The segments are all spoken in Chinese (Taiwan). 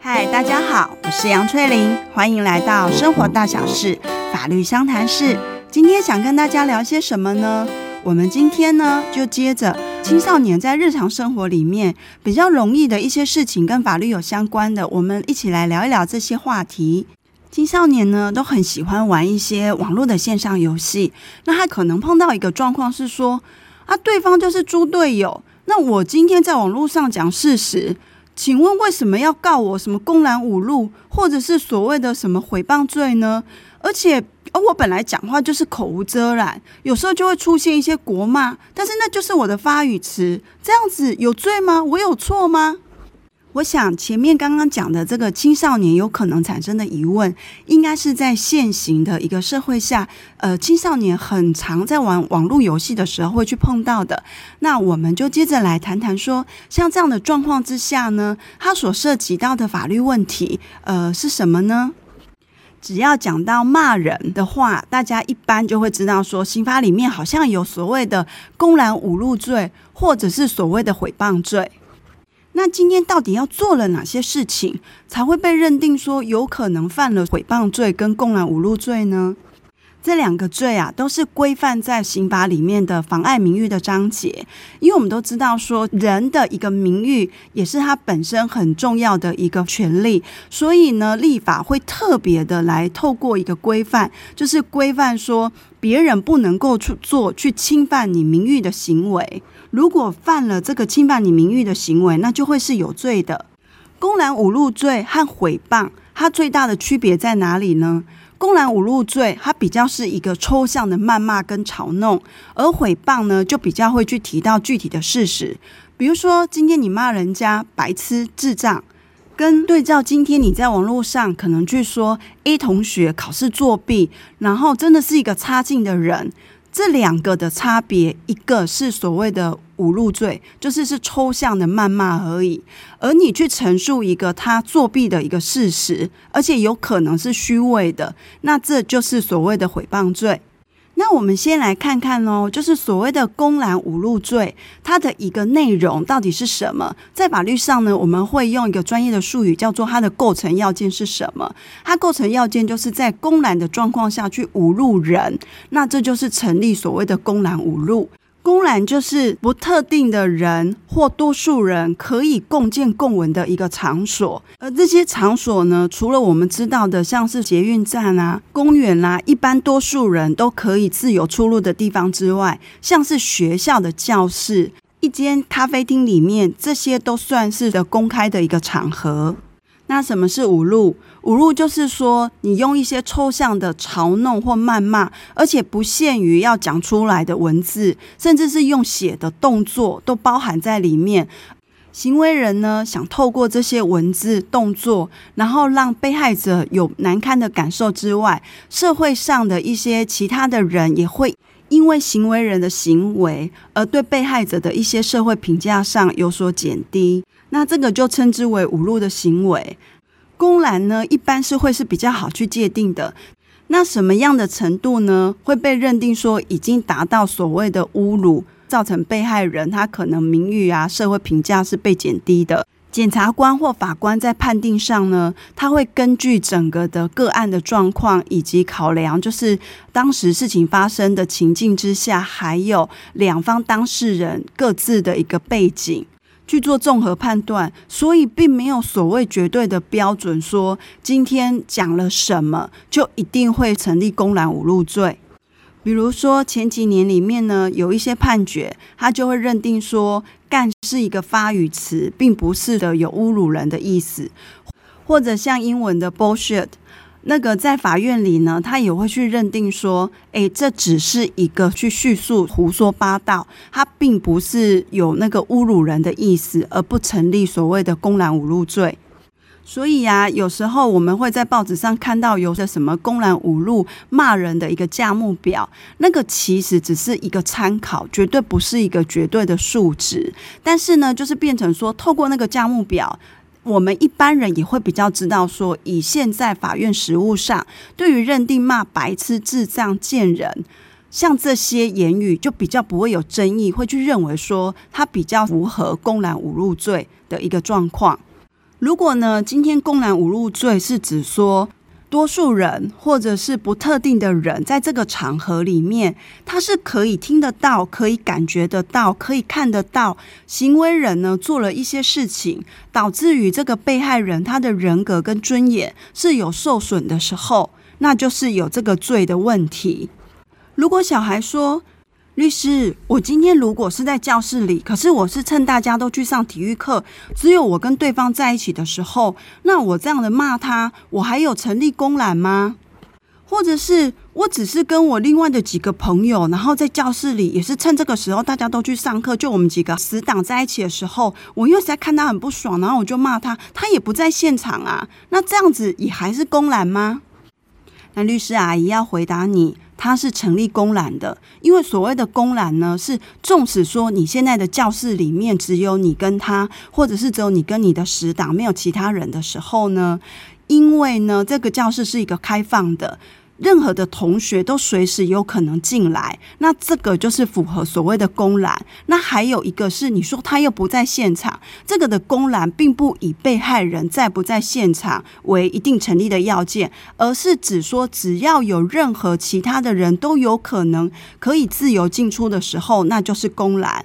嗨，大家好，我是楊翠玲，歡迎來到生活大小事法律相談室。今天想跟大家聊些什麼呢？我們今天呢，就接着青少年在日常生活裡面比較容易的一些事情跟法律有相關的，我們一起來聊一聊這些話題。青少年呢都很喜歡玩一些網絡的線上遊戲，那他可能碰到一個狀況是說啊，對方就是豬隊友，那我今天在網絡上講事實。請問為什麼要告我什麼公然侮辱，或者是所謂的什麼毀謗罪呢？而且，而、哦、我本來講話就是口無遮攔，有時候就會出現一些國罵，但是那就是我的發語詞，這樣子有罪嗎？我有錯嗎？我想前面剛剛講的這個青少年有可能產生的疑問，應該是在現行的一個社會下，呃，青少年很常在玩網絡遊戲的時候會去碰到的。那我們就接着來談談說，像這樣的狀況之下呢，它所涉及到的法律問題，呃，是什麼呢？只要講到罵人的話，大家一般就會知道說，刑法裡面好像有所謂的公然侮辱罪，或者是所謂的誹謗罪。那今天到底要做了哪些事情，才會被認定說有可能犯了誹謗罪跟公然侮辱罪呢？這兩個罪啊，都是規範在刑法裡面的妨礙名譽的章節。因為我們都知道說，人的一個名譽也是他本身很重要的一個權利，所以呢，立法會特別的來透過一個規範，就是規範說別人不能夠去做去侵犯你名譽的行為。如果犯了這個侵犯你名譽的行為，那就會是有罪的。公然侮辱罪和毀謗，它最大的區別在哪裡呢？公然侮辱罪它比較是一個抽象的謾罵跟嘲弄，而毀謗呢，就比較會去提到具體的事實。比如說，今天你罵人家白痴、智障，跟對照今天你在網絡上可能去說 A 同學考試作弊，然後真的是一個差勁的人，這兩個的差別，一個是所謂的。侮辱罪就是是抽象的謾罵而已，而你去陳述一個他作弊的一個事實，而且有可能是虛偽的，那這就是所謂的誹謗罪。那我們先來看看哦，就是所謂的公然侮辱罪，它的一個內容到底是什麼？在法律上呢，我們會用一個專業的術語叫做它的構成要件是什麼？它構成要件就是在公然的狀況下去侮辱人，那這就是成立所謂的公然侮辱。公然就是不特定的人或多數人可以共見共聞的一個場所，而這些場所呢，除了我們知道的像是捷運站啊、公園啦、啊，一般多數人都可以自由出入的地方之外，像是學校的教室、一間咖啡廳裡面，這些都算是的公開的一個場合。那什麼是侮辱？侮辱就是說，你用一些抽象的嘲弄或謾罵，而且不限於要講出來的文字，甚至是用寫的動作都包含在裡面。行為人呢，想透過這些文字、動作，然後讓被害者有難堪的感受之外，社會上的一些其他的人也會因為行為人的行為而對被害者的一些社會評價上有所減低。那這個就稱之為侮辱的行為。公然呢，一般是會是比較好去界定的。那什麼樣的程度呢？會被認定說已經達到所謂的侮辱，造成被害人他可能名譽啊、社會評價是被減低的。檢察官或法官在判定上呢，他會根據整個的個案的狀況以及考量，就是當時事情發生的情境之下，還有兩方當事人各自的一個背景，去做綜合判斷，所以並沒有所謂絕對的標準，說今天講了什麼就一定會成立公然侮辱罪。比如說前幾年裡面呢，有一些判決，他就會認定說“幹”是一個發語詞，並不是的有侮辱人的意思，或者像英文的 “bullshit”。那個在法院裡呢，他也會去認定說，誒、欸，這只是一個去敘述胡說八道，他並不是有那個侮辱人的意思，而不成立所謂的公然侮辱罪。所以啊，有時候我們會在報紙上看到有些什麼公然侮辱罵人的一個價目表，那個其實只是一個參考，絕對不是一個絕對的數值。但是呢，就是變成說，透過那個價目表，我們一般人也會比較知道說，說以現在法院實務上，對於認定罵白痴、智障、賤人，像這些言語，就比較不會有爭議，會去認為說他比較符合公然侮辱罪的一個狀況。如果呢，今天公然侮辱罪是指說。多數人，或者是不特定的人，在這個場合裡面，他是可以聽得到、可以感覺得到、可以看得到，行為人呢做了一些事情，導致於這個被害人他的人格跟尊嚴是有受損的時候，那就是有這個罪的問題。如果小孩說，律師，我今天如果是在教室裡，可是我是趁大家都去上體育課，只有我跟對方在一起的時候，那我這樣的罵他，我還有成立公然嗎？或者是我只是跟我另外的幾個朋友，然後在教室裡也是趁這個時候大家都去上課，就我們幾個死黨在一起的時候，我又是在看他很不爽，然後我就罵他，他也不在現場啊，那這樣子也還是公然嗎？那律師阿姨要回答你，他是成立公然的，因為所謂的公然呢，是縱使說你現在的教室裡面只有你跟他，或者是只有你跟你的死黨，沒有其他人的時候呢，因為呢，這個教室是一個開放的。任何的同學都隨時有可能進來，那這個就是符合所謂的公然。那還有一個是，你說他又不在現場，這個的公然並不以被害人在不在現場為一定成立的要件，而是指說只要有任何其他的人都有可能可以自由進出的時候，那就是公然。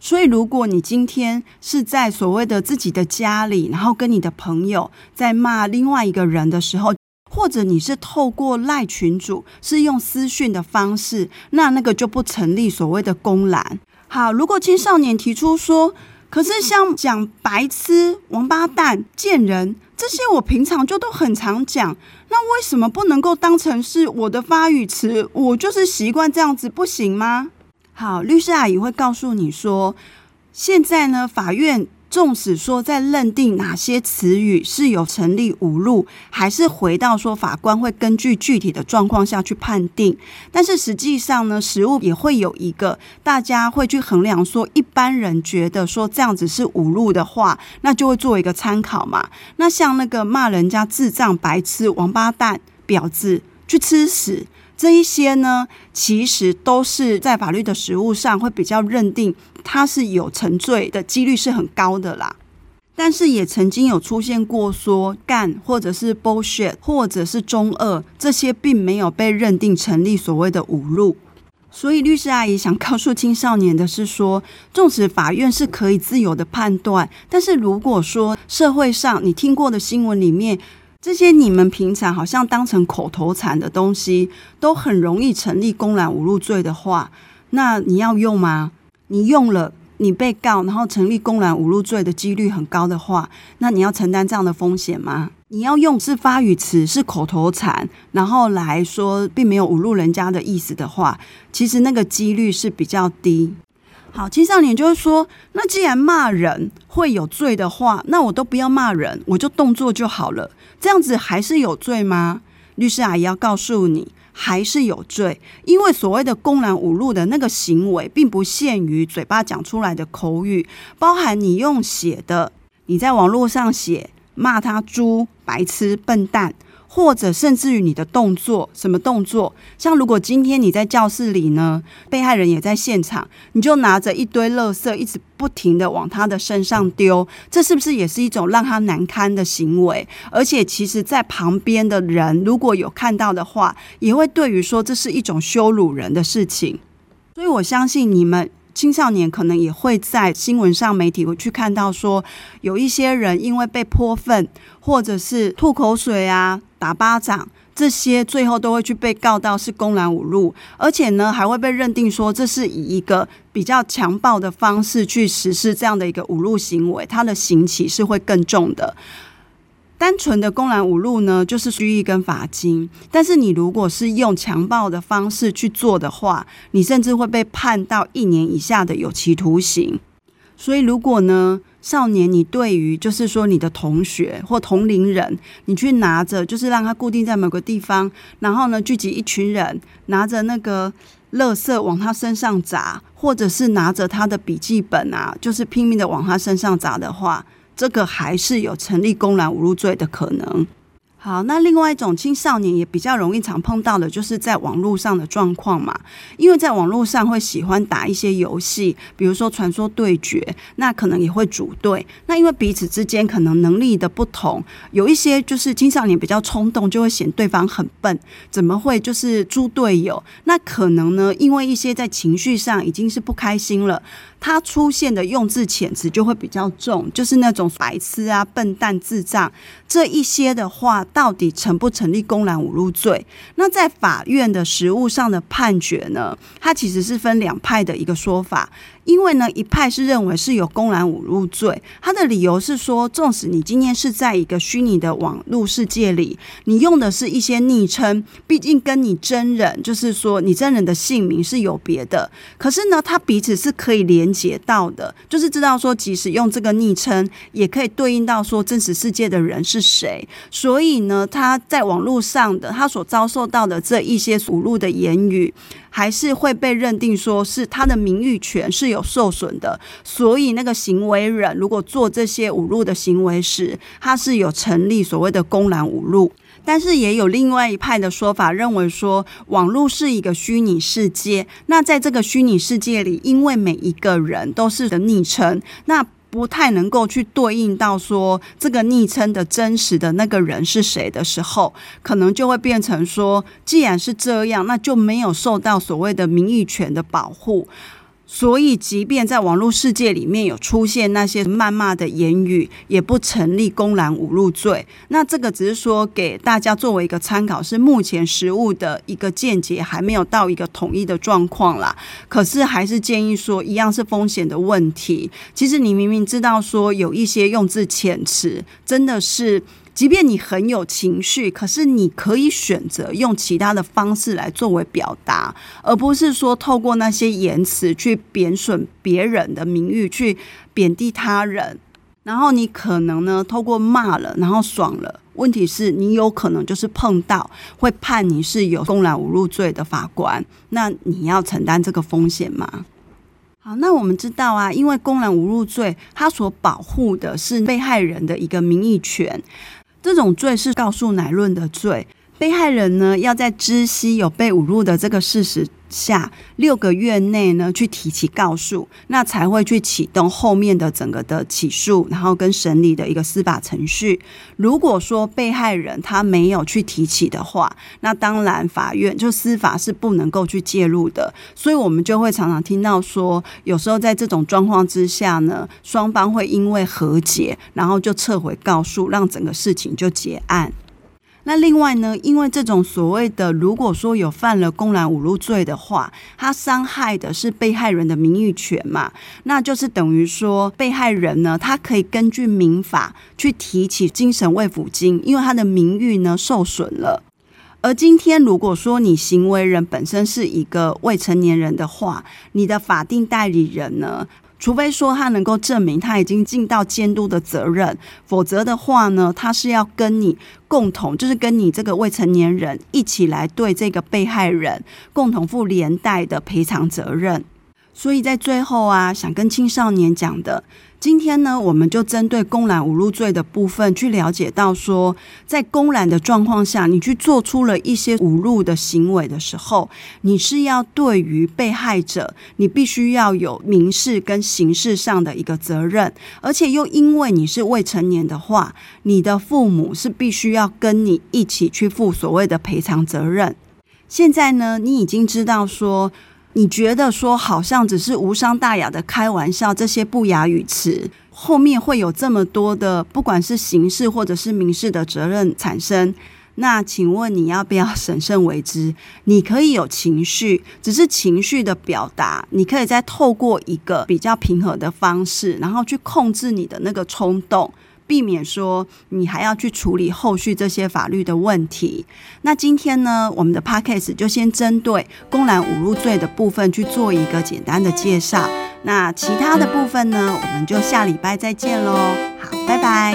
所以，如果你今天是在所謂的自己的家裡，然後跟你的朋友在罵另外一個人的時候，或者你是透過賴群組，是用私訊的方式，那那個就不成立所謂的公然。好，如果青少年提出說，可是像講白痴、王八蛋、賤人這些，我平常就都很常講，那為什麼不能夠當成是我的發語詞？我就是習慣這樣子，不行嗎？好，律師阿姨會告訴你說，現在呢，法院。縱使說在認定哪些詞語是有成立侮辱，還是回到說法官會根據具體的狀況下去判定，但是實際上呢，實務也會有一個大家會去衡量，說一般人覺得說這樣子是侮辱的話，那就會做一個參考嘛。那像那個罵人家智障、白痴、王八蛋、婊子、去吃屎。這一些呢，其實都是在法律的實務上會比較認定他是有成罪的幾率是很高的啦。但是也曾經有出現過說幹或者是 bullshit 或者是中二這些，並沒有被認定成立所謂的侮辱。所以律師阿姨想告訴青少年的是說，縱使法院是可以自由的判斷，但是如果說社會上你聽過的新聞裡面，這些你們平常，好像當成口頭禪的東西，都很容易成立公然侮辱罪的話，那你要用嗎？你用了，你被告然後成立公然侮辱罪的幾率很高的話，那你要承擔這樣的風險嗎？你要用是發語詞，是口頭禪，然後來說並沒有侮辱人家的意思的話，其實那個幾率是比較低。好，青少年就是說，那既然罵人會有罪的話，那我都不要罵人，我就動作就好了，這樣子還是有罪嗎？律師阿姨要告訴你，還是有罪，因為所謂的公然侮辱的那個行為，並不限於嘴巴講出來的口語，包含你用寫的，你在網絡上寫，罵他豬、白痴、笨蛋。或者甚至於你的動作。什麼動作？像如果今天你在教室裡呢，被害人也在現場，你就拿着一堆垃圾一直不停的往他的身上丟，這是不是也是一種讓他難堪的行為？而且其實，在旁邊的人如果有看到的話，也會對於說這是一種羞辱人的事情。所以我相信你們青少年可能也會在新聞上媒體去看到說，有一些人因為被潑糞或者是吐口水啊。打巴掌，這些最後都會去被告到是公然侮辱，而且呢還會被認定說這是以一個比較強暴的方式去實施這樣的一個侮辱行為，他的刑期是會更重的。單純的公然侮辱呢，就是拘役跟罰金，但是你如果是用強暴的方式去做的話，你甚至會被判到一年以下的有期徒刑。所以如果呢，少年，你對於就是說你的同學或同齡人，你去拿着，就是讓他固定在某個地方，然後呢聚集一群人，拿着那個垃圾往他身上砸，或者是拿着他的筆記本啊，就是拼命的往他身上砸的話，這個還是有成立公然侮辱罪的可能。好，那另外一種青少年也比較容易常碰到的，就是在網絡上的狀況嘛。因為在網絡上會喜歡打一些遊戲，比如說《傳說對決》，那可能也會組隊。那因為彼此之間可能能力的不同，有一些就是青少年比較衝動，就會嫌對方很笨，怎麼會就是豬隊友？那可能呢，因為一些在情緒上已經是不開心了。他出現的用字遣詞就會比較重，就是那種白痴啊、笨蛋、智障這一些的話，到底成不成立公然侮辱罪？那在法院的實務上的判決呢？它其實是分兩派的一個說法。因為呢，一派是認為是有公然侮辱罪，他的理由是說，縱使你今天是在一個虛擬的網絡世界裡，你用的是一些昵稱，畢竟跟你真人，就是說你真人的姓名是有別的，可是呢，他彼此是可以連接到的，就是知道說，即使用這個昵稱，也可以對應到說真實世界的人是誰。所以呢，他在網絡上的，他所遭受到的這一些侮辱的言語。還是會被認定說是他的名譽權是有受損的，所以那個行為人如果做這些侮辱的行為時，他是有成立所謂的公然侮辱。但是也有另外一派的說法，認為說網絡是一個虛擬世界，那在這個虛擬世界裡，因為每一個人都是的昵稱，那。不太能夠去對應到說這個昵稱的真實的那個人是誰的時候，可能就會變成說，既然是這樣，那就沒有受到所謂的名譽權的保護。所以，即便在網絡世界裡面有出現那些謾罵的言語，也不成立公然侮辱罪。那這個只是說給大家作為一個參考，是目前實務的一個見解，還沒有到一個統一的狀況啦。可是，還是建議說，一樣是風險的問題。其實，你明明知道說有一些用字遣詞，真的是。即便你很有情緒，可是你可以選擇用其他的方式來作為表達，而不是說透過那些言辭去貶損別人的名譽，去貶低他人。然後你可能呢，透過罵了，然後爽了。問題是，你有可能就是碰到會判你是有公然侮辱罪的法官，那你要承擔這個風險嗎？好，那我們知道啊，因為公然侮辱罪，它所保護的是被害人的一個名譽權。這種罪是告訴乃論的罪，被害人呢，要在知悉有被侮辱的這個事實，下六個月內呢，去提起告訴，那才會去啟動後面的整個的起訴，然後跟審理的一個司法程序。如果說被害人他沒有去提起的話，那當然法院就司法是不能夠去介入的。所以我們就會常常聽到說，有時候在這種狀況之下呢，雙方會因為和解，然後就撤回告訴，讓整個事情就結案。那另外呢，因為這種所謂的，如果說有犯了公然侮辱罪的話，他傷害的是被害人的名譽權嘛，那就是等於說被害人呢，他可以根據民法去提起精神慰撫金，因為他的名譽呢受損了。而今天如果說你行為人本身是一個未成年人的話，你的法定代理人呢？除非說他能夠證明他已經盡到監督的責任，否則的話呢，他是要跟你共同，就是跟你這個未成年人一起來對這個被害人共同負連帶的賠償責任。所以在最後啊，想跟青少年講的，今天呢，我們就針對公然侮辱罪的部分去了解到說，說在公然的狀況下，你去做出了一些侮辱的行為的時候，你是要對於被害者，你必須要有民事跟刑事上的一個責任，而且又因為你是未成年的話，你的父母是必須要跟你一起去負所謂的賠償責任。現在呢，你已經知道說，你覺得說好像只是無傷大雅的開玩笑，這些不雅語詞後面會有這麼多的，不管是刑事或者是民事的責任產生。那請問你要不要審慎為之？你可以有情緒，只是情緒的表達，你可以再透過一個比較平和的方式，然後去控制你的那個衝動。避免說你還要去處理後續這些法律的問題。那今天呢，我們的 podcast 就先針對公然侮辱罪的部分去做一個簡單的介紹。那其他的部分呢，我們就下禮拜再見嘍。好，拜拜。